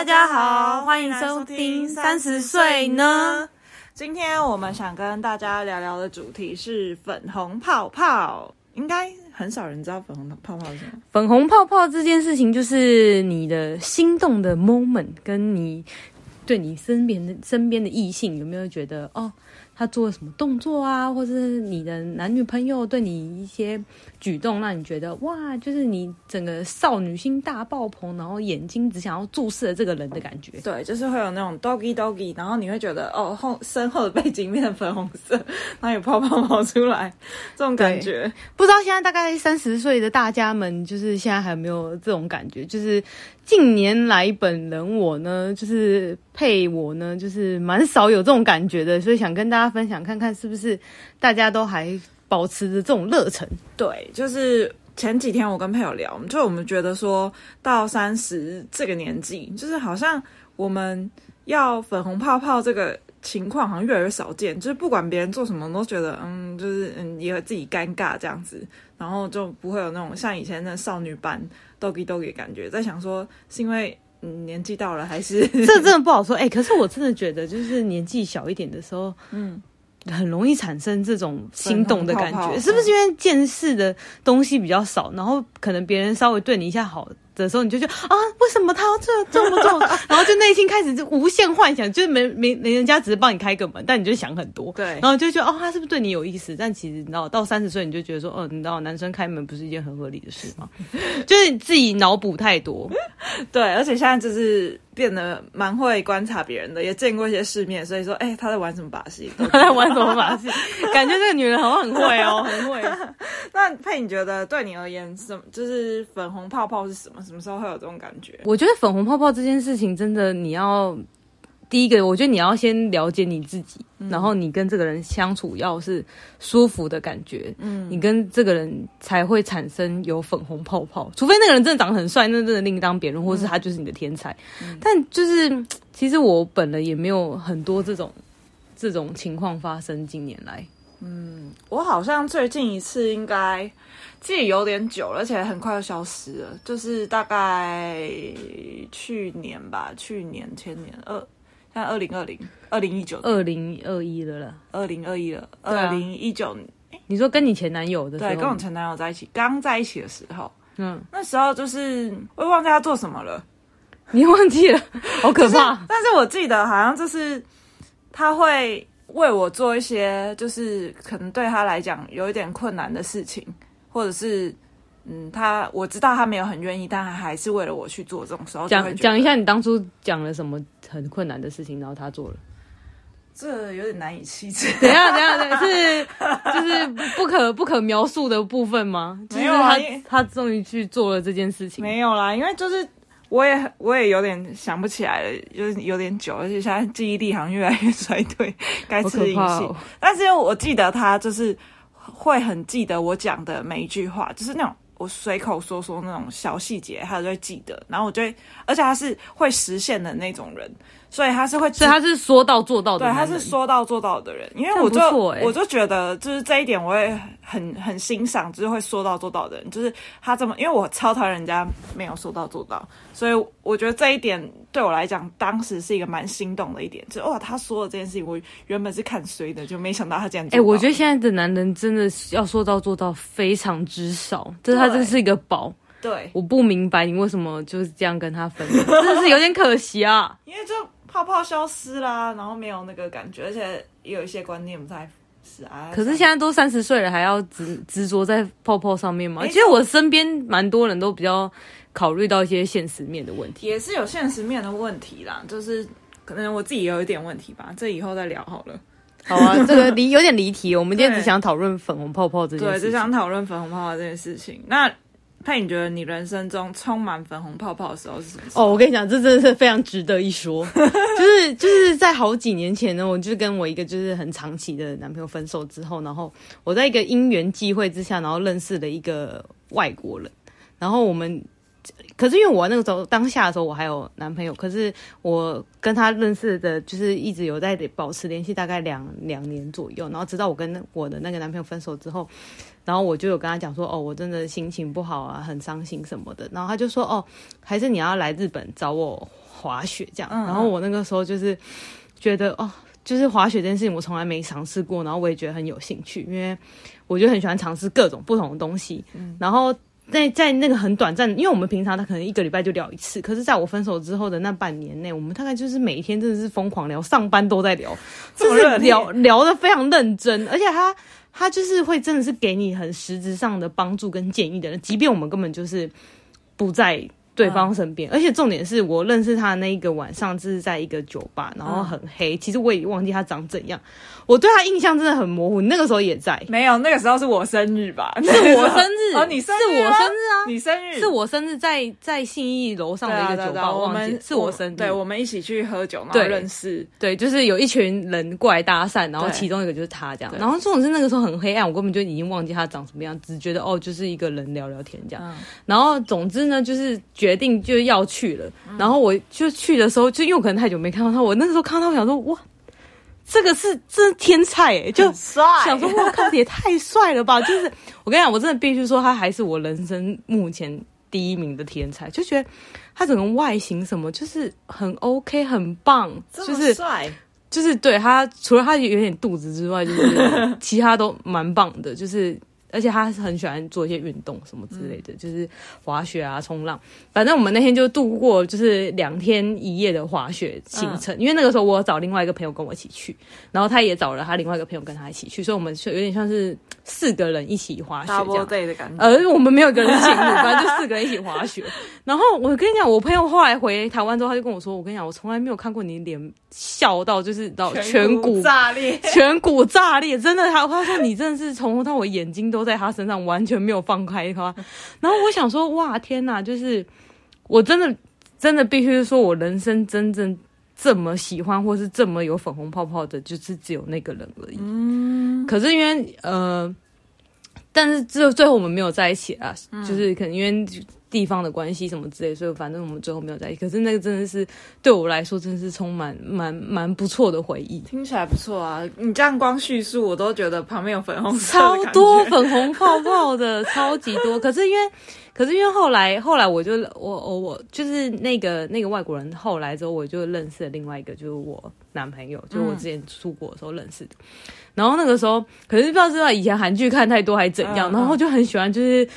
大家好，歡迎收聽三十歲呢。今天我們想跟大家聊聊的主題是粉紅泡泡。應該很少人知道粉紅泡泡是什麼？粉紅泡泡這件事情，就是你的心動的 moment，跟你對你身邊的身邊的異性有沒有覺得哦？他做了什麼動作啊，或者是你的男女朋友對你一些舉動，讓你覺得哇，就是你整個少女心大爆棚，然後眼睛只想要注視了這個人的感覺。對，就是會有那種 doggy doggy，然後你會覺得哦，後身後的背景變成粉紅色，然後有泡泡冒出來，這種感覺。不知道現在大概三十歲的大家們，就是現在還有沒有這種感覺？就是。近年來，本人我呢，就是配我呢，就是蠻少有這種感覺的，所以想跟大家分享，看看是不是大家都還保持着這種熱忱。對，就是前幾天我跟朋友聊，就我們覺得說到三十這個年紀，就是好像我們要粉紅泡泡這個。情況好像越來越少見，就是不管別人做什麼，都覺得嗯，就是嗯，也會自己尷尬這樣子，然後就不會有那種像以前那少女般，逗比逗比感覺。在想說是因為嗯年紀到了還是這真的不好說哎、 欸，可是我真的覺得就是年紀小一點的時候，嗯，很容易產生這種心動的感覺，粉紅泡泡嗯、是不是因為見識的東西比較少，然後可能別人稍微對你一下好。的時候你就覺得啊，為什麼他要這這麼做？ 然後就內心開始就無限幻想，就是沒沒人家只是幫你開個門，但你就想很多，對，然後就覺得哦，他是不是對你有意思？但其實你知道，到三十歲你就覺得說，哦，你知道男生開門不是一件很合理的事嗎？ 就是自己腦補太多，對，而且現在就是。變得蠻會觀察別人的，也見過一些世面，所以說，哎、欸，他在玩什麼把戲？ 他在玩什麼把戲？感覺這個女人好像很會哦、喔， 很會、喔。 那佩，你覺得對你而言，什麼就是粉紅泡泡是什麼？什麼時候會有這種感覺？我覺得粉紅泡泡這件事情，真的你要。第一個，我覺得你要先了解你自己，嗯、然後你跟這個人相處要是舒服的感覺，嗯，你跟這個人才會產生有粉紅泡泡，除非那個人真的長得很帥，那真的另當別論，或是他就是你的天才。嗯、但就是、嗯、其實我本人也沒有很多這種、嗯、這種情況發生。近年來，嗯，我好像最近一次應該，記得有點久了，而且很快就消失了，就是大概去年吧，去年、前年二。呃在二零二零、二零一九、二零二一了啦，二零二一了，二零二一了，二零一九。欸、你說跟你前男友的時候，對，跟我前男友在一起，剛在一起的時候，嗯，那時候就是我忘記他做什麼了，你忘記了，好可怕、 就是。但是我記得好像就是他會為我做一些，就是可能對他來講有一點困難的事情，或者是。嗯，他我知道他沒有很願意，但他還是為了我去做。這種時候講講一下，你當初講了什麼很困難的事情，然後他做了。這有點難以啟齒。等一下，等一下，是就是不可不可描述的部分嗎？只、就是、有、啊、他他終於去做了這件事情。沒有啦，因為就是我也我也有點想不起來了，就是有點久了，而且現在記憶力好像越來越衰退。該吃的東西，哦、但是我記得他就是會很記得我講的每一句話，就是那種。我隨口說說那種小細節，他就會記得，然後我就會，而且他是會實現的那種人。所以他是會，所以他是說到做到的，對，他是說到做到的人。因為我就我就覺得，就是這一點，我也很很欣賞，就是會說到做到的人。就是他這麼，因為我超討厭人家沒有說到做到，所以我覺得這一點對我來講，當時是一個蠻心動的一點。就是哇，他說的這件事情，我原本是看衰的，就沒想到他這樣講。哎，我覺得現在的男人真的要說到做到非常之少，就是他真是一個寶。對，我不明白你為什麼就是這樣跟他分，真的是有點可惜啊。 因為這。泡泡消失啦，然後沒有那個感覺，而且也有一些觀念不太實在。可是現在都三十歲了，還要執執着在泡泡上面嗎？欸、其實我身邊蠻多人都比較考慮到一些現實面的問題，也是有現實面的問題啦。就是可能我自己也有一點問題吧，這以後再聊好了。好啊，這個離有點離題。 我們今天只想討論粉紅泡泡這件事，對對，只想討論粉紅泡泡這件事情。那。那你覺得你人生中充滿粉紅泡泡的時候是什麼時候？哦，我跟你講，這真的是非常值得一說。 就是就是在好幾年前呢，我就跟我一個就是很長期的男朋友分手之後，然後我在一個因緣際會之下，然後認識了一個外國人。然後我們，可是因為我那個時候當下的時候我還有男朋友，可是我跟他認識的，就是一直有在保持聯繫，大概兩兩年左右，然後直到我跟我的那個男朋友分手之後。然後我就有跟他講說，哦，我真的心情不好啊，很傷心什麼的。然後他就說，哦，還是你要來日本找我滑雪這樣。嗯啊、然後我那個時候就是覺得，哦，就是滑雪這件事情我從來沒嘗試過，然後我也覺得很有興趣，因為我就很喜歡嘗試各種不同的東西。嗯、然後在在那個很短暫，因為我們平常他可能一個禮拜就聊一次，可是在我分手之後的那半年內，我們大概就是每天真的是瘋狂聊，上班都在聊，就是聊聊得非常認真，而且他。他就是會真的是給你很實質上的幫助跟建議的人，即便我們根本就是不在。對方身邊，而且重點是我認識他的那一個晚上，就是在一個酒吧，然後很黑。其實我也忘記他長怎樣，我對他印象真的很模糊。那個時候也在，沒有，那個時候是我生日吧？是我生日啊，你生日？是我生日啊，你生日？是我生日，在在信義樓上的一個酒吧，我們是我生日，對，我們一起去喝酒嘛，對，認識，對，就是有一群人過來搭訕，然後其中一個就是他這樣。然後總之那個時候很黑暗，我根本就已經忘記他長什麼樣，只覺得哦，就是一個人聊聊天這樣。然後總之呢，就是覺。決定就要去了，然後我就去的時候，就因為我可能太久沒看到他。我那個時候看到他，我想說哇，這個是真天菜！就想說，我靠，也太帥了吧！就是我跟你講，我真的必須說，他還是我人生目前第一名的天才。就覺得他整個外形什麼，就是很 OK，很棒，就是帥，就是對他除了他有點肚子之外，就是 其他都蠻棒的，就是。而且他是很喜歡做一些運動什麼之類的，嗯、就是滑雪啊、衝浪。反正我們那天就度過就是兩天一夜的滑雪行程，嗯、因為那個時候我找另外一個朋友跟我一起去，然後他也找了他另外一個朋友跟他一起去，所以我們就有點像是四個人一起滑雪的感覺。而、呃、我們沒有一個人行路，反正就四個人一起滑雪。 然後我跟你講，我朋友後來回台灣之後，他就跟我說：“我跟你講，我從來沒有看過你臉笑到就是到顴骨，顴骨炸裂，顴骨炸裂，真的。他”他他說你真的是從頭到尾眼睛都。都在他身上，完全沒有放開他。然後我想說，哇，天哪！就是我真的真的必須說，我人生真正這麼喜歡或是這麼有粉紅泡泡的，就是只有那個人而已。可是因為呃，但是最後最後我們沒有在一起啊，就是可能因為。地方的關係什麼之類，所以反正我們最後沒有在一起。可是那個真的是對我來說，真的是充滿蠻蠻不錯的回憶的。聽起來不錯啊！你這樣光敘述，我都覺得旁邊有粉紅色。超多粉紅泡泡的， 超級多。可是因為，可是因為後來，後來我就我我我就是那個那個外國人。後來之後，我就認識了另外一個，就是我男朋友，就是我之前出國的時候認識的。嗯、然後那個時候，可是不知道是不是以前韓劇看太多，還怎樣？啊、然後就很喜歡，就是。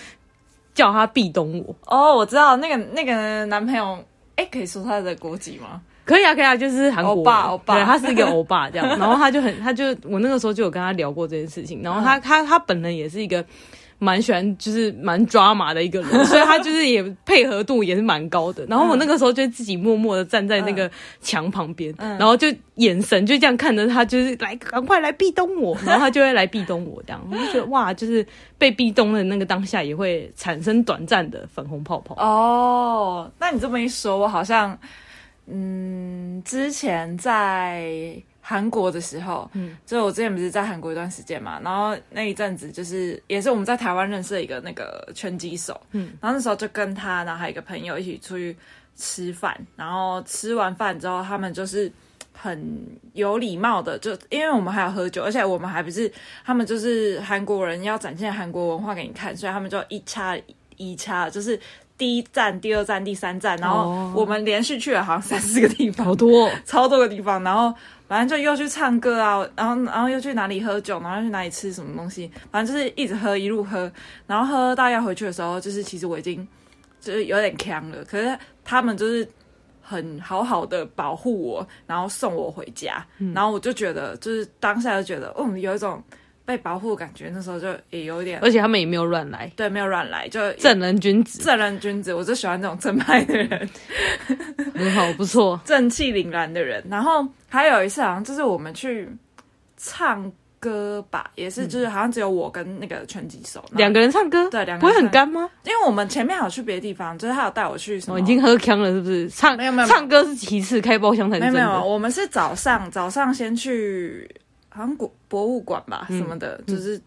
叫他壁咚我哦，oh, 我知道那個那個男朋友，哎、欸，可以說他的國籍嗎？可以啊，可以啊，就是韓國歐巴，歐巴，對，他是一個歐巴這樣。然後他就很，他就我那個時候就有跟他聊過這件事情。然後他他他本人也是一個蠻喜歡，就是蠻抓馬的一個人，所以他就是也配合度也是蠻高的。然後我那個時候就自己默默的站在那個牆旁邊，然後就眼神就這樣看着他，就是來趕快來壁咚我，然後他就會來壁咚我這樣。我就覺得哇，就是被壁咚的那個當下也會產生短暫的粉紅泡泡哦。那你這麼一說，我好像。嗯，之前在韓國的時候，嗯，就我之前不是在韓國一段時間嘛，然後那一陣子就是也是我們在台灣認識的一個那個拳擊手，嗯，然後那時候就跟他，然後還有一個朋友一起出去吃飯，然後吃完飯之後，他們就是很有禮貌的就，就因為我們還要喝酒，而且我們還不是，他們就是韓國人要展現韓國文化給你看，所以他們就一掐一掐，就是。第一站、第二站、第三站，然後我們連續去了好像三四個地方，好多、哦、超多個地方，然後反正就又去唱歌啊，然後然後又去哪裡喝酒，然後又去哪裡吃什麼東西，反正就是一直喝，一路喝，然後喝到要回去的時候，就是其實我已經就是有點嗆了，可是他們就是很好好的保護我，然後送我回家，嗯、然後我就覺得就是當下就覺得，嗯、哦，有一種。被保護感覺，那時候就也有點，而且他們也沒有亂來，對，沒有亂來，就正人君子，正人君子，我就喜歡這種正派的人， 很好，不錯，正氣凛然的人。然後還有一次好像就是我們去唱歌吧，也是就是好像只有我跟那個拳擊手兩、嗯、個人唱歌，對，兩個不會很乾嗎？因為我們前面還有去別的地方，就是他有帶我去什麼，我已經喝 K 了是不是？唱沒有,沒有沒有，唱歌是其次，開包廂才是真的。沒有,沒有，我們是早上早上先去。韓國博物館吧，什麼的，就是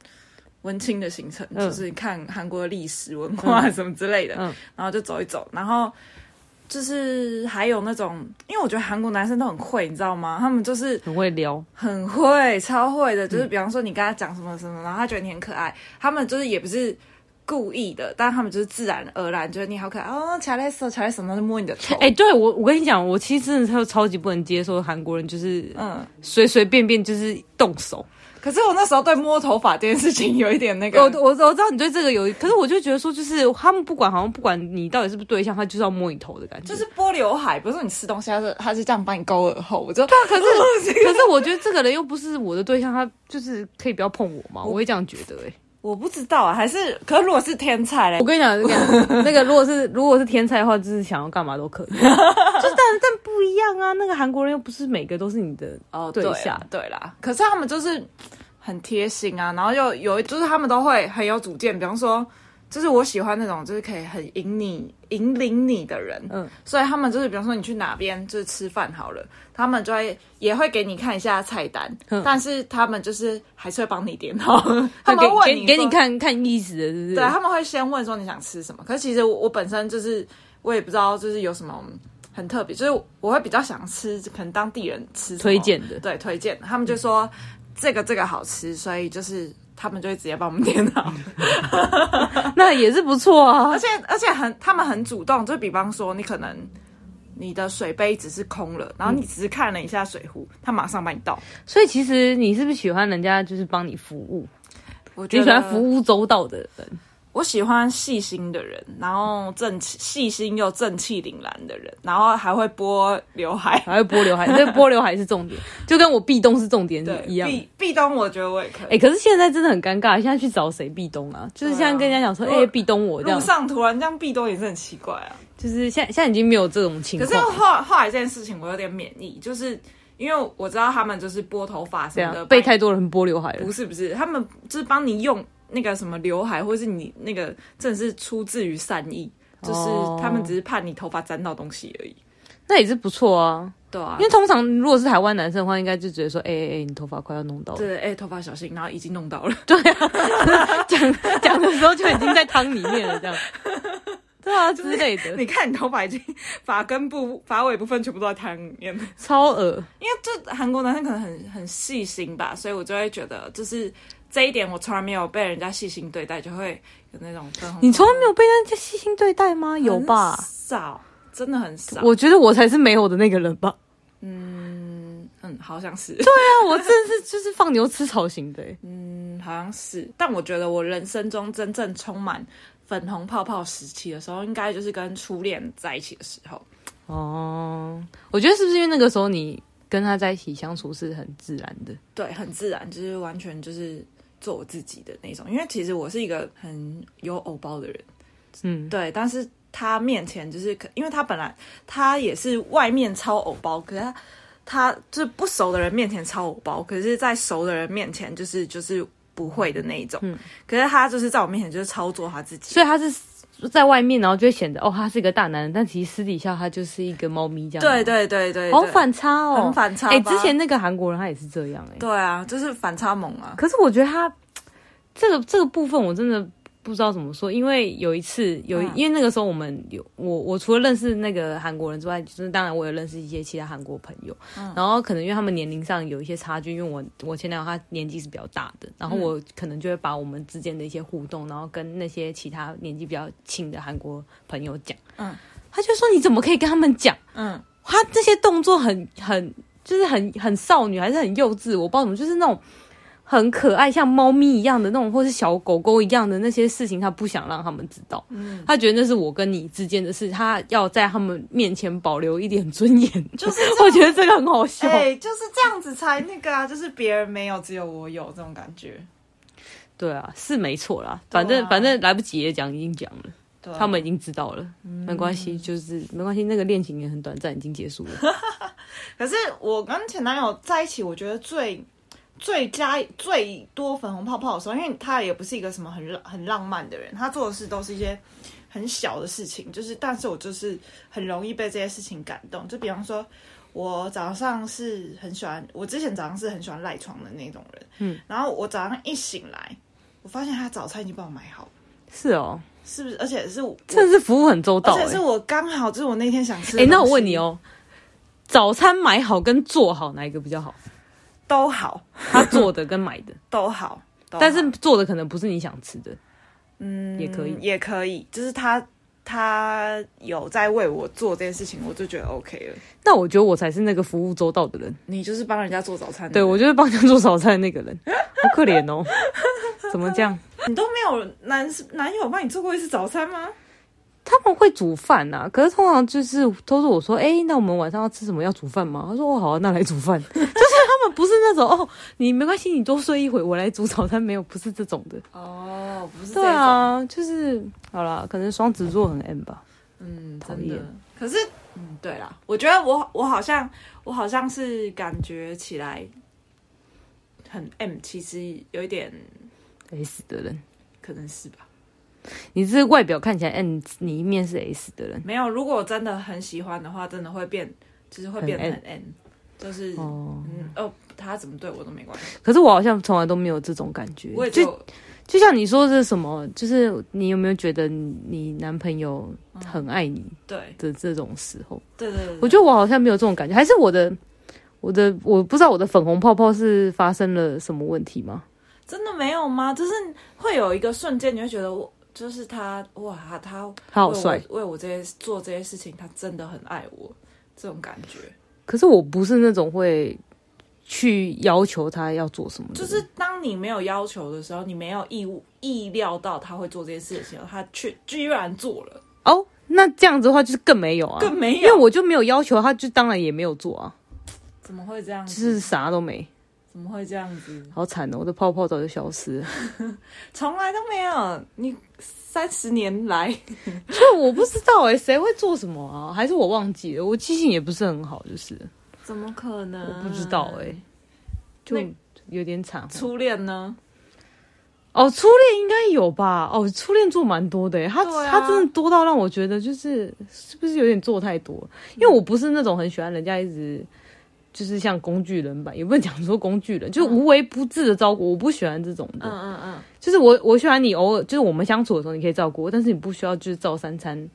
文青的行程，就是看韓國的歷史文化什麼之類的，然後就走一走，然後就是還有那種，因為我覺得韓國男生都很會，你知道嗎？他們就是很會撩，很會，超會的。就是比方說你跟他講什麼什麼，然後他覺得你很可愛，他們就是也不是。故意的，但他們就是自然而然覺得你好可愛哦，起來手什麼手，手就摸你的頭。哎、欸，對我我跟你講，我其實真的超超級不能接受韓國人就是嗯，隨隨便便就是動手。嗯、可是我那時候對摸頭髮這件事情有一點那個。 我我我，我知道你對這個有，可是我就覺得說就是他們不管好像不管你到底是不是對象，他就是要摸你頭的感覺。就是撥劉海，比如說你吃東西，他是他是這樣幫你勾耳後，我知道。對，可是 可是我覺得這個人又不是我的對象，他就是可以不要碰我嗎？我，我會這樣覺得誒、欸我不知道、啊，還是可是如果是天才嘞？我跟你講是這樣 那個如果是如果是天才的話，就是想要幹嘛都可以、啊。 就但但不一樣啊，那個韓國人又不是每個都是你的對下哦對象，對啦。可是他們就是很貼心啊，然後又有就是他們都會很有主見，比方說。就是我喜歡那種，就是可以很引你引領你的人，嗯，所以他們就是，比方說你去哪邊就是吃飯好了，他們就會也會給你看一下菜單，嗯，但是他們就是還是會幫你點好，嗯，他們問你給，給你看看意思的是不是，就是對，他們會先問說你想吃什麼，可是其實我我本身就是我也不知道，就是有什麼很特別，就是我會比較想吃可能當地人吃推薦的，對推薦的，他們就說這個這個好吃，所以就是。他們就會直接幫我們點好，那也是不錯啊。 而且而且很，他們很主動。就比方說，你可能你的水杯只是空了，嗯、然後你只是看了一下水壺，他馬上幫你倒。所以其實你是不是喜歡人家就是幫你服務？我覺得你喜歡服務周到的人。我喜歡細心的人，然後正氣、細心又正氣凜然的人，然後還會撥劉海，還會撥劉海，這個撥劉海是重點，就跟我壁咚是重點一樣的。壁壁咚，我覺得我也可以。哎、欸，可是現在真的很尷尬，現在去找誰壁咚啊？就是現在跟人家講說，哎、啊，壁咚、欸、我這樣，路上突然這樣壁咚也是很奇怪啊。就是現在現在已經沒有這種情況。可是後來後來這件事情我有點免疫，就是因為我知道他們就是撥頭髮什麼的，被太多人撥劉海了。不是不是，他們就是幫你用。那個什麼劉海，或是你那個，真的是出自於善意，oh. 就是他們只是怕你頭髮沾到東西而已。那也是不錯啊，對啊，因為通常如果是台灣男生的話，應該就覺得說，哎哎哎，你頭髮快要弄到了，對，哎、欸，頭髮小心，然後已經弄到了，對， 啊，講講的時候就已經在湯裡面了，這樣， 對啊、就是、之類的。你看你頭髮已經髮根部、髮尾部分全部都在湯裡面，超噁噁。因為這韓國男生可能很很細心吧，所以我就會覺得就是。這一點我從來沒有被人家細心對待，就會有那種粉紅。你從來沒有被人家細心對待嗎？有吧？少，真的很少。我覺得我才是沒有的那個人吧。嗯嗯，好像是。對啊，我真的是就是放牛吃草型的、欸。 嗯，好像是。但我覺得我人生中真正充滿粉紅泡泡時期的時候，應該就是跟初戀在一起的時候。哦，oh, 我覺得是不是因為那個時候你跟他在一起相處是很自然的？對，很自然，就是完全就是。做我自己的那種，因為其實我是一個很有偶包的人，嗯，對。但是他面前就是，因為他本來他也是外面超偶包，可是他他就是不熟的人面前超偶包，可是在熟的人面前就是就是不會的那一種。嗯，可是他就是在我面前就是超做他自己，所以他是。就在外面，然後就會顯得哦，他是一個大男人，但其實私底下他就是一個貓咪這樣。對，對對對對，好反差哦，很反差。哎、欸，之前那個韓國人他也是這樣哎、欸。對啊，就是反差猛啊。可是我覺得他這個這個部分我真的。不知道怎麼說，因為有一次有一，因為那個時候我們有我我除了認識那個韓國人之外，就是當然我也認識一些其他韓國朋友。嗯。然後可能因為他們年齡上有一些差距，因為我我前男友他年紀是比較大的，然後我可能就會把我們之間的一些互動，然後跟那些其他年紀比較輕的韓國朋友講。嗯。他就說：“你怎麼可以跟他們講？”嗯。他這些動作很很就是很很少女，還是很幼稚，我不知道怎麼，就是那種。很可愛，像貓咪一樣的那種，或是小狗狗一樣的那些事情，他不想讓他們知道。嗯、他覺得那是我跟你之間的事，他要在他們面前保留一點尊嚴。就是我覺得這個很好笑。對、欸，就是這樣子才那個啊， 就是別人沒有，只有我有這種感覺。對啊，是沒錯啦，反正、啊、反正來不及也講，已經講了，啊、他們已經知道了，嗯、沒關係，就是沒關係，那個戀情也很短暫，已經結束了。 可是我跟前男友在一起，我覺得最。最佳，最多粉紅泡泡的時候，因為他也不是一個什麼很很浪漫的人，他做的事都是一些很小的事情，就是，但是我就是很容易被這些事情感動。就比方說，我早上是很喜歡，我之前早上是很喜歡賴床的那種人，嗯，然後我早上一醒來，我發現他早餐已經幫我買好了，是哦，是不是？而且是我，真的是服務很周到，欸，而且是我剛好就是我那天想吃，哎，欸，那我問你哦，早餐買好跟做好哪一個比較好？都好，他做的跟買的 都好，都好，但是做的可能不是你想吃的，嗯，也可以，也可以，就是他他有在為我做這件事情，我就覺得 OK 了。那我覺得我才是那個服務周到的人，你就是幫人家做早餐，對，我就是幫人家做早餐的那個人，好可憐哦， 怎麼這樣？你都沒有男男友幫你做過一次早餐嗎？他們會煮飯吶、啊，可是通常就是都是我說，哎、欸，那我們晚上要吃什麼？要煮飯嗎？他說我、哦、好、啊，那來煮飯。 就是他們不是那種哦，你沒關係，你多睡一會，我來煮早餐。沒有，不是這種的。哦，不是。對啊，就是好啦，可能雙子座很 M 吧。嗯，真的。同意。可是，嗯，對啦，我覺得我我好像我好像是感覺起來很 M，其實有一點 S 的人，可能是吧。你這外表看起來，n，你一面是 s 的人，沒有。如果我真的很喜歡的話，真的會變，就是會變很 n，, 很 n? 就是、oh. 嗯、哦，他怎麼對我都沒關係。可是我好像從來都沒有這種感覺。我也就就像你說的是什麼，就是你有沒有覺得你男朋友很愛你？對的，這種時候，嗯、對，對，對對對，我覺得我好像沒有這種感覺，還是我的，我的，我不知道我的粉紅泡泡是發生了什麼問題嗎？真的沒有嗎？就是會有一個瞬間，你會覺得我。就是他哇，他他，他好帥，為我這些做這些事情，他真的很愛我，這種感覺。可是我不是那種會去要求他要做什麼。就是當你沒有要求的時候，你沒有意意料到他會做這些事情，他卻居然做了。哦，那這樣子的話，就是更沒有啊，更沒有，因為我就沒有要求，他就當然也沒有做啊。怎麼會這樣？就是啥都沒。怎麼會這樣子？好慘哦、喔！我的泡泡早就消失，從 來都沒有。你三十年來， 就我不知道哎、欸，誰會做什麼啊？還是我忘記了？我記性也不是很好，就是怎麼可能？我不知道哎、欸，就那有點慘。初戀呢？哦，初戀應該有吧？哦，初戀做蠻多的哎、欸，他他、啊、真的多到讓我覺得就是是不是有點做太多？嗯、因為我不是那種很喜歡人家一直。就是像工具人吧，也不能講說工具人，就是無微不至的照顧。嗯、我不喜歡這種的，嗯嗯嗯，嗯嗯就是我我喜歡你偶爾就是我們相處的時候，你可以照顧，但是你不需要就是照三餐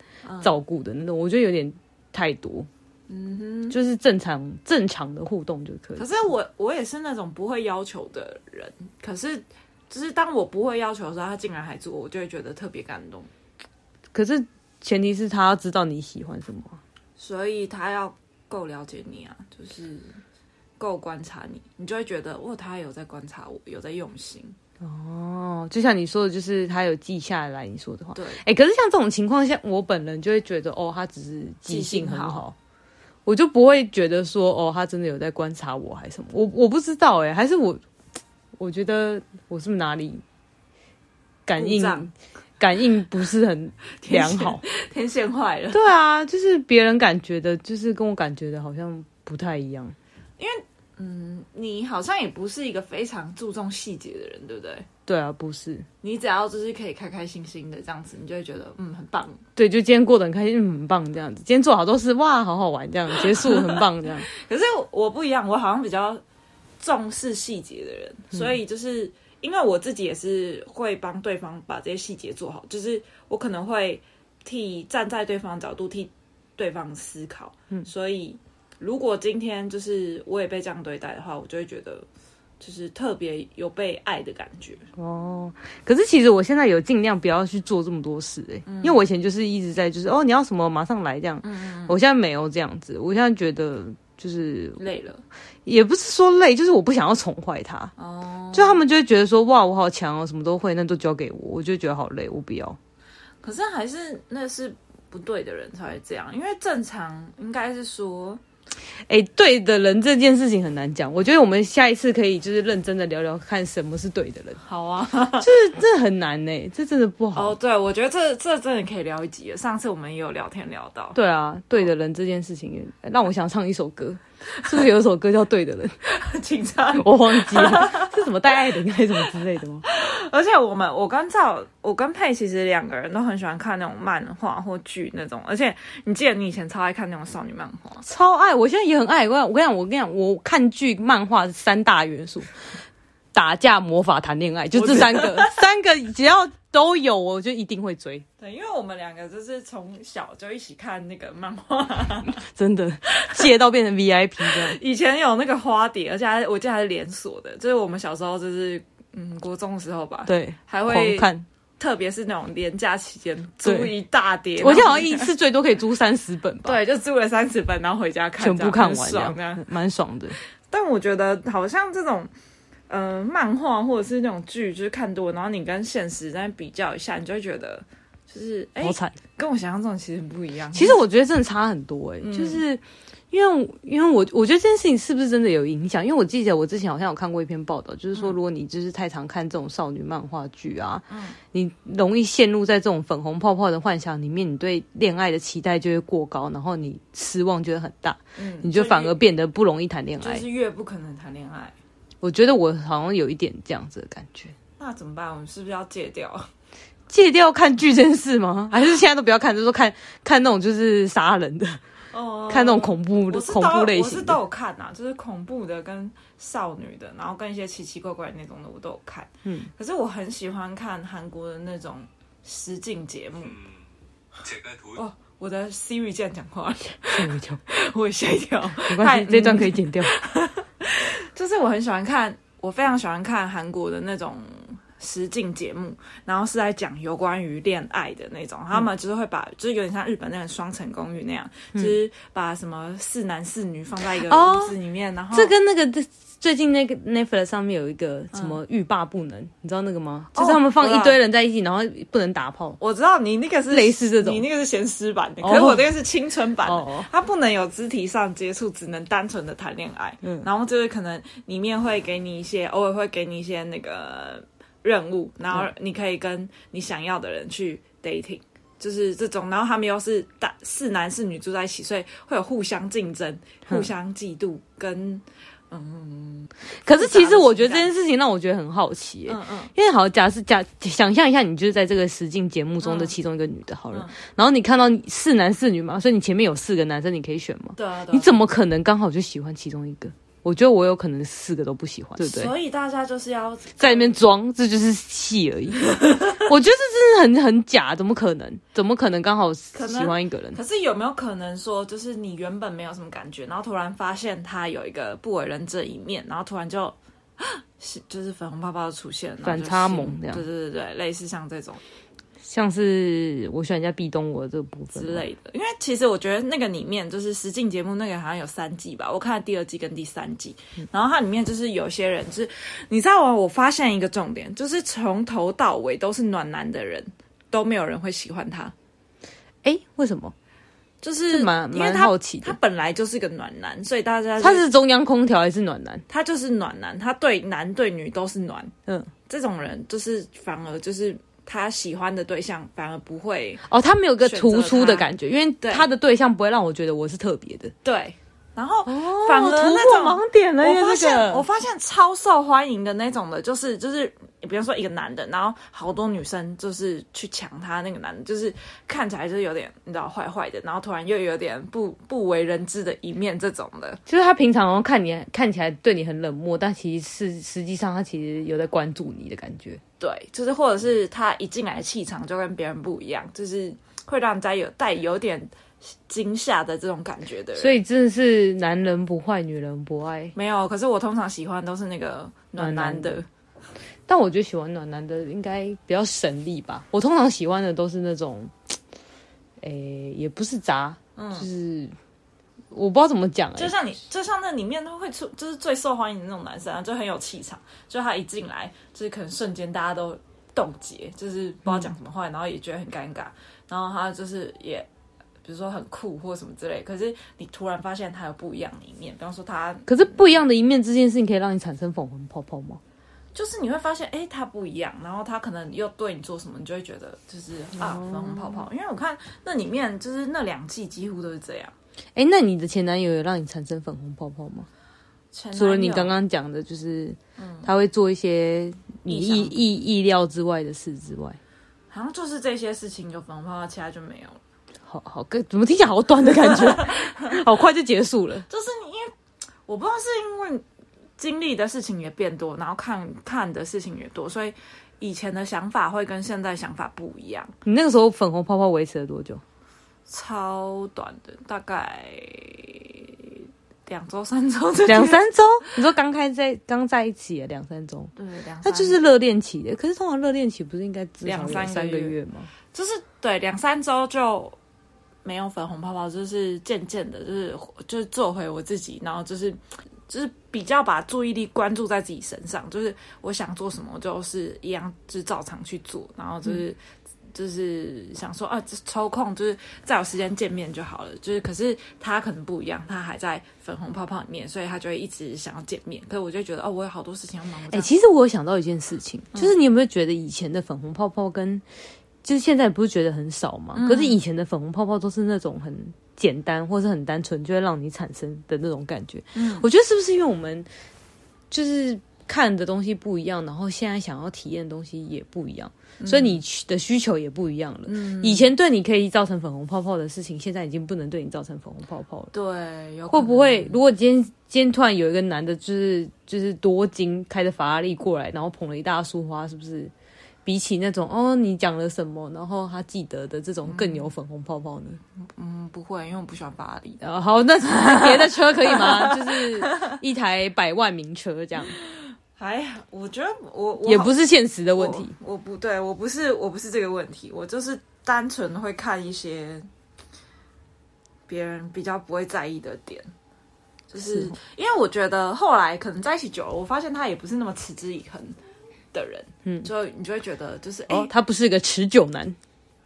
照顧的那種，嗯、我覺得有點太多。嗯哼，就是正常正常的互動就可以。可是我我也是那種不會要求的人，可是就是當我不會要求的時候，他竟然還做，我就會覺得特別感動。可是前提是他要知道你喜歡什麼，所以他要。夠了解你啊，就是夠觀察你，你就會覺得哦，他有在觀察我，有在用心哦。就像你說的，就是他有記下來你說的話。對，欸，可是像這種情況下，我本人就會覺得哦，他只是記性很好，好，我就不會覺得說哦，他真的有在觀察我還是什麼，我我不知道哎，欸，還是我我覺得我是不是哪裡感應？感應不是很良好，天線壞了。對啊，就是別人感覺的，就是跟我感覺的好像不太一樣。因為，嗯，你好像也不是一個非常注重細節的人，對不對？對啊，不是。你只要就是可以開開心心的這樣子，你就會覺得，嗯，很棒。對，就今天過得很開心，很棒，這樣子。今天做好多事，哇，好好玩，這樣結束很棒，這樣。可是我不一樣，我好像比較重視細節的人，所以就是。因為我自己也是會幫對方把這些細節做好，就是我可能會替站在對方的角度替對方思考。嗯，所以如果今天就是我也被這樣對待的話，我就會覺得就是特別有被愛的感覺。哦，可是其實我現在有盡量不要去做這麼多事，欸，嗯，因為我以前就是一直在就是哦，你要什麼馬上來這樣。嗯，我現在沒有這樣子，我現在覺得，就是累了，也不是說累，就是我不想要寵壞他。哦，就他們就會覺得說，哇，我好強哦，什麼都會，那都交給我，我就覺得好累，我不要。可是還是那是不對的人才會這樣，因為正常應該是說。哎、欸，對的人這件事情很難講。我覺得我們下一次可以就是認真的聊聊看什麼是對的人。好啊， 就是這很難呢、欸，這真的不好。哦，oh, 對，我覺得這這真的可以聊一集。上次我們也有聊天聊到。對啊，對的人這件事情，oh. 讓我想唱一首歌。是不是有一首歌叫《對的人》？ 警察，我忘記了， 是什麼戴愛玲，還什麼之類的嗎？而且我們，我剛照，我跟佩其實兩個人都很喜歡看那種漫畫或劇那種。而且，你記得你以前超愛看那種少女漫畫，超愛。我現在也很愛。我我跟你講，我跟你講，我看劇、漫畫是三大元素：打架、魔法、談戀愛，就這三個，覺三個只要。都有，我就一定會追。對，因為我們兩個就是從小就一起看那個漫畫， 真的借到變成 VIP 的。 以前有那個花蝶，而且還我記得還是連鎖的，就是我們小時候就是嗯，國中的時候吧。對，還會看，特別是那種連假期間租一大疊，對我記得好像一次最多可以租三十本吧。 對，就租了三十本，然後回家看，全部看完了，這樣，蠻爽的。但我覺得好像這種。呃，漫畫或者是那種劇，就是看多，然後你跟現實再比較一下，你就會覺得就是哎，欸、好慘跟我想象中其實不一樣。其實我覺得真的差很多哎、欸，嗯、就是因為因為我我覺得這件事情是不是真的有影響？因為我記得我之前好像有看過一篇報道，就是說如果你就是太常看這種少女漫畫劇啊，嗯，你容易陷入在這種粉紅泡泡的幻想裡面，你對戀愛的期待就會過高，然後你失望就會很大，嗯，你就反而變得不容易談戀愛，就是越不可能談戀愛。我覺得我好像有一點這樣子的感覺，那怎麼辦？我們是不是要戒掉？戒掉看劇真式嗎？還是現在都不要看？就說、是、看看那種就是殺人的，哦、呃，看那種恐怖的恐怖類型。我是都有看啊，就是恐怖的跟少女的，然後跟一些奇奇怪怪那種的我都有看。嗯，可是我很喜歡看韓國的那種實境節目。哦、嗯，oh, 我的 Siri 這樣講話，一 我嚇一跳！我嚇一跳，沒關係，太 這段可以剪掉。嗯 就是我很喜歡看，我非常喜歡看韓國的那種實境節目，然後是在講有關於戀愛的那種，嗯、他們就是會把，就是有點像日本那種雙層公寓那樣，嗯、就是把什麼四男四女放在一個屋子裡面，哦、然後這跟那個的。最近那個 Netflix 上面有一個什麼欲罷不能，嗯、你知道那個嗎？就是他們放一堆人在一起，哦、然後不能打炮。我知道你那個是類似這種，你那個是鹹濕版的，哦、可是我那個是青春版的，它、哦哦、不能有肢體上接觸，只能單純的談戀愛。嗯、然後就是可能裡面會給你一些，偶爾會給你一些那個任務，然後你可以跟你想要的人去 dating，、嗯、就是這種。然後他們又是四男四女住在一起，所以會有互相競爭、嗯、互相嫉妒跟。嗯，嗯嗯，可是其實我覺得這件事情讓我覺得很好奇，欸嗯，嗯嗯，因為好像假假、假設假想象一下，你就是在這個實境節目中的其中一個女的好人，好了，嗯，然後你看到四男四女嘛，所以你前面有四個男生，你可以選嘛，對啊，啊啊，你怎麼可能剛好就喜歡其中一個？我覺得我有可能四個都不喜歡，對不對？所以大家就是要在裡面裝，這就是戲而已。 我覺得這是很很假，怎麼可能？怎麼可能剛好喜歡一個人可？可是有沒有可能說，就是你原本沒有什麼感覺，然後突然發現他有一個不為人知的一面，然後突然就，是就是粉紅泡泡出現，反差萌這樣？對對對，類似像這種。像是我喜歡人家壁咚我這個部分之類的，因為其實我覺得那個裡面就是實境節目那個好像有三季吧，我看了第二季跟第三季，嗯、然後它裡面就是有些人就是，你知道嗎、啊？我發現一個重點，就是從頭到尾都是暖男的人，都沒有人會喜歡他。誒、欸，為什麼？就是滿因蠻好奇。他本來就是個暖男，所以大家是，他是中央空調還是暖男？他就是暖男，他對男對女都是暖。嗯，這種人就是反而就是。他喜歡的對象反而不會。哦，他沒有個突出的感覺，因為他的對象不會讓我覺得我是特別的。對。對。然後反而那種盲點呢，我發現、哦、我發現超受歡迎的那種的、就是，就是就是，比如說一個男的，然後好多女生就是去搶他那個男的，就是看起來就是有點你知道壞壞的，然後突然又有點不不為人知的一面，這種的，就是他平常然後看你看起來對你很冷漠，但其實是實際上他其實有在關注你的感覺，對，就是或者是他一進來的氣場就跟別人不一樣，就是會讓人家有帶有點。驚嚇的這種感覺的，所以真的是男人不壞，女人不愛。沒有，可是我通常喜歡都是那個暖男，暖男的，但我覺得喜歡暖男的應該比較省力吧。我通常喜歡的都是那種，誒、欸，也不是渣，嗯，就是、嗯、我不知道怎麼講、欸。就像你，就像那裡面都會出，就是最受歡迎的那種男生、啊，就很有氣場，就他一進來，就是可能瞬間大家都凍結，就是不知道講什麼話，嗯、然後也覺得很尷尬，然後他就是也。比如說很酷或什麼之類，可是你突然發現他有不一樣的一面，比方說他，可是不一樣的一面之間是你可以讓你產生粉紅泡泡嗎？就是你會發現，哎、欸，他不一樣，然後他可能又對你做什麼，你就會覺得就是、嗯、啊，粉紅泡泡。因為我看那裡面就是那兩季幾乎都是這樣。哎、欸，那你的前男友有讓你產生粉紅泡泡嗎？前男友除了你剛剛講的，就是、嗯、他會做一些你意常意意，意料之外的事之外，好像就是這些事情有粉紅泡泡，其他就沒有了。好好，跟，怎麼聽起來好短的感覺？ 好快就結束了。就是你，因為我不知道是因為經歷的事情也變多，然後看看的事情也多，所以以前的想法會跟現在想法不一樣。你那個時候粉紅泡泡維持了多久？超短的，大概兩周、三周，兩三周。你說剛開在剛在一起，兩三周？對，兩。那就是熱戀期的，可是通常熱戀期不是應該兩兩三個月嗎？月就是對，兩三周就。沒有粉紅泡泡，就是漸漸的，就是就是做回我自己，然後就是就是比較把注意力關注在自己身上，就是我想做什麼，就是一樣，就照常去做，然後就是、嗯、就是想說，啊，抽空就是再有時間見面就好了，就是可是他可能不一樣，他還在粉紅泡泡裡面，所以他就會一直想要見面，可是我就覺得，哦，我有好多事情要忙。哎、欸，其實我有想到一件事情，嗯、就是你有沒有覺得以前的粉紅泡泡跟？就是現在不是覺得很少嘛？可是以前的粉紅泡泡都是那種很簡單，或是很單純，就會讓你產生的那種感覺。嗯，我覺得是不是因為我們就是看的東西不一樣，然後現在想要體驗的東西也不一樣，嗯，所以你的需求也不一樣了。嗯，以前對你可以造成粉紅泡泡的事情，現在已經不能對你造成粉紅泡泡了。對，會不會如果今天今天突然有一個男的，就是就是多金，開着法拉利過來，然後捧了一大束花，是不是？比起那種哦，你講了什麼，然後他記得的這種更有粉紅泡泡呢？嗯、嗯，不會，因為我不喜歡巴黎。呃、好，那別的車可以嗎？ 就是一台百萬名車這樣。唉，我覺得我，我也不是現實的問題我。我不對，我不是，我不是這個問題，我就是單純會看一些別人比較不會在意的點。是就是因為我覺得後來可能在一起久了，我發現他也不是那麼持之以恆。的人，嗯，所以你就會覺得，就是，哎、欸喔，他不是一個持久男、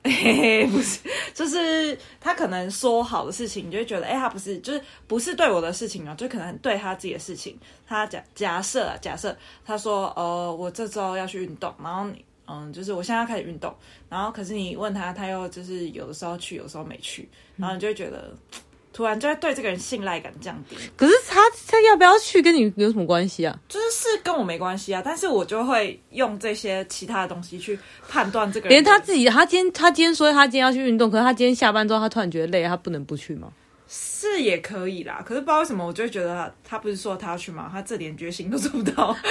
欸，不是，就是他可能說好的事情，你就會覺得，哎、欸，他不是，就是不是對我的事情啊、喔，就可能對他自己的事情。他假假設、啊、假設他說，呃，我這週要去運動，然後你，嗯，就是我現在要開始運動，然後可是你問他，他又就是有的時候去，有的時候沒去，然後你就會覺得。嗯突然就會對這個人信賴感降低。可是他他要不要去，跟你有什麼關係啊？就是是跟我沒關係啊，但是我就會用這些其他的東西去判斷這個人。他自己，他今天他今天說他今天要去運動，可是他今天下班之後，他突然覺得累，他不能不去嗎？是也可以啦。可是不知道為什麼，我就會覺得他，他不是說他要去嗎？他這點決心都做不到，還好，好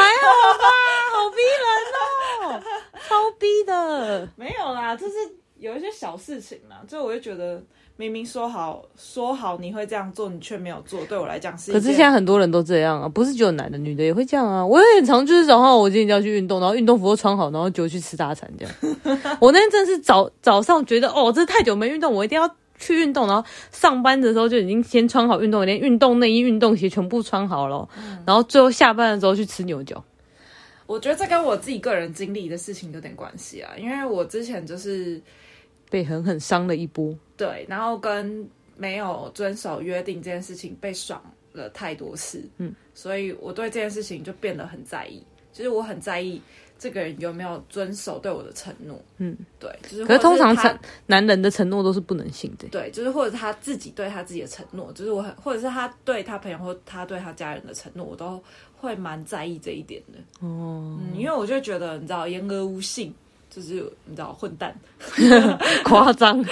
吧？ 好逼人哦，超逼的。沒有啦，就是有一些小事情嘛，就我就覺得。明明說好，說好你會這樣做，你卻沒有做。對我來講是。可是現在很多人都這樣啊，不是只有男的，女的也會這樣啊。我有點常就是，早上我今天就要去運動，然後運動服都穿好，然後就去吃大餐這樣。 我那天真的是早早上覺得哦，這太久沒運動，我一定要去運動，然後上班的時候就已經先穿好運動連運動內衣、運動鞋全部穿好了，嗯、然後最後下班的時候去吃牛角。我覺得這跟我自己個人經歷的事情有點關係啊，因為我之前就是。被狠狠傷了一波，對，然後跟沒有遵守約定這件事情被爽了太多次，嗯，所以我對這件事情就變得很在意。其、就、實、是、我很在意這個人有沒有遵守對我的承諾，嗯，對，就是，是。可是通常，常男人的承諾都是不能信的，對，就是或者他自己對他自己的承諾，就是我很，或者是他對他朋友或他對他家人的承諾，我都會蠻在意這一點的。哦、嗯，因為我就覺得你知道，言而無信，就是你知道混蛋， 誇張，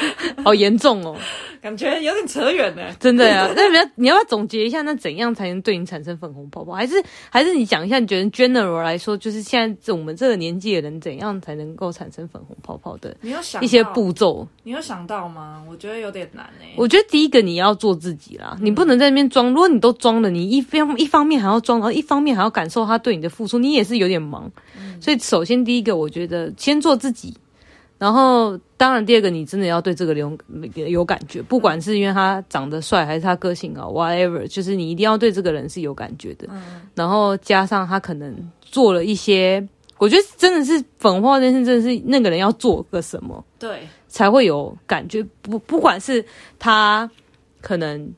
好嚴重哦、喔，感覺有點扯遠呢、欸。真的呀、啊，那你要你要不要總結一下，那怎樣才能對你產生粉紅泡泡？還是還是你講一下，你覺得 general 來說，就是現在我們這個年紀的人怎樣才能夠產生粉紅泡泡的？你有想一些步驟？你有想到嗎？我覺得有點難誒、欸。我覺得第一個你要做自己啦，你不能在那邊裝。如果你都裝了，你一方一方面還要裝，然後一方面還要感受他對你的付出，你也是有點忙。所以首先第一個，我覺得先做。做自己，然後當然第二個，你真的要對這個人有感覺，不管是因為他長得帥還是他個性啊，whatever，就是你一定要對這個人是有感覺的。嗯，然後加上他可能做了一些，我覺得真的是粉紅泡泡這件事，真的是那個人要做個什麼，對，才會有感覺。不，不管是他可能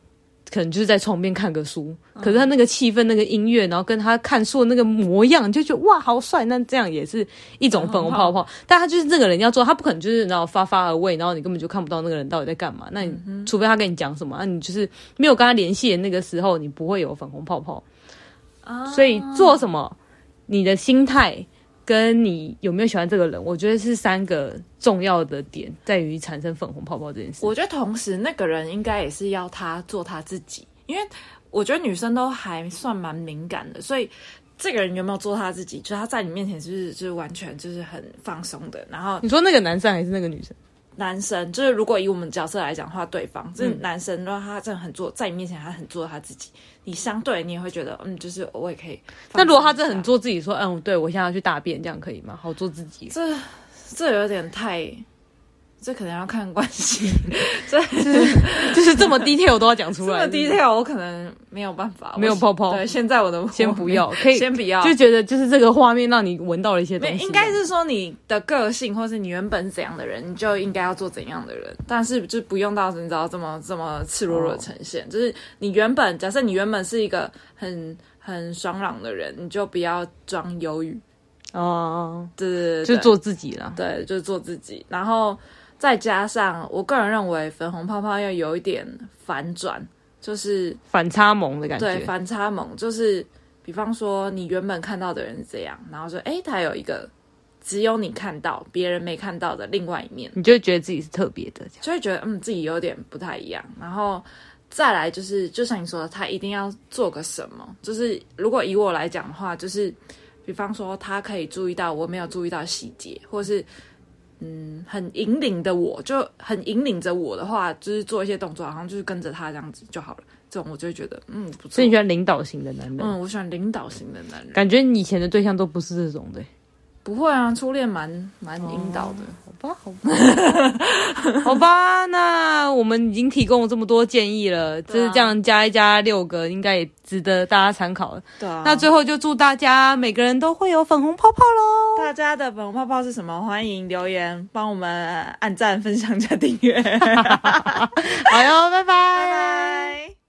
可能就是在窗邊看個書。可是他那個氣氛、那個音樂，然後跟他看出的那個模樣，就覺得哇，好帥！那這樣也是一種粉紅泡泡。但他就是那個人要做，他不可能就是然後發發而為，然後你根本就看不到那個人到底在幹嘛。那你除非他跟你講什麼、啊，那你就是沒有跟他聯繫的那個時候，你不會有粉紅泡泡。所以做什麼，你的心態跟你有沒有喜歡這個人，我覺得是三個重要的點在於產生粉紅泡泡這件事。我覺得同時那個人應該也是要他做他自己，因為。我覺得女生都還算蠻敏感的，所以這個人有沒有做他自己？就是他在你面前、就是、就是完全就是很放鬆的。然後你說那個男生還是那個女生？男生就是如果以我們角色來講話，對方、就是男生，然後、嗯、他真的很做，在你面前他很做他自己。你相對你也會覺得，嗯，就是我也可以。那如果他真的很做自己，說，嗯，對，我現在要去大便，這樣可以嗎？好做自己，這這有點太。這可能要看關係，這是 就是這麼 detail 都要講出來。 這麼 detail 我可能沒有辦法。沒有泡泡。對，現在我的先不要，可以先不要。就覺得就是這個畫面讓你聞到了一些東西。應該是說你的個性，或是你原本怎樣的人，你就應該要做怎樣的人。但是就不用到你知道這麼這麼赤裸裸呈現。哦、就是你原本，假設你原本是一個很很爽朗的人，你就不要裝憂鬱。哦，對對對，就做自己了。對，就做自己。然後。再加上，我個人認為粉紅泡泡要有一點反轉，就是反差萌的感覺。對，反差萌就是，比方說你原本看到的人是這樣，然後說，欸，他有一個只有你看到、別人沒看到的另外一面，你就會覺得自己是特別的，就會覺得嗯自己有點不太一樣。然後再來就是，就像你說的，他一定要做個什麼，就是如果以我來講的話，就是比方說他可以注意到我沒有注意到細節，或是。嗯，很引領的我就很引領着我的話，就是做一些動作，然後就是跟着他這樣子就好了。這種我就會覺得，嗯，不錯。所以你喜歡領導型的男人？嗯，我喜歡領導型的男人。感覺你以前的對象都不是這種，對。不會啊，初戀蠻蠻引導的。哦、好吧，好吧， 好吧，那我們已經提供這麼多建議了，啊、就是這樣加一加六個，應該也值得大家參考了。對啊，那最後就祝大家每個人都會有粉紅泡泡嘍！大家的粉紅泡泡是什麼？歡迎留言，幫我們按贊、分享加訂閱。好喲， 拜拜。Bye bye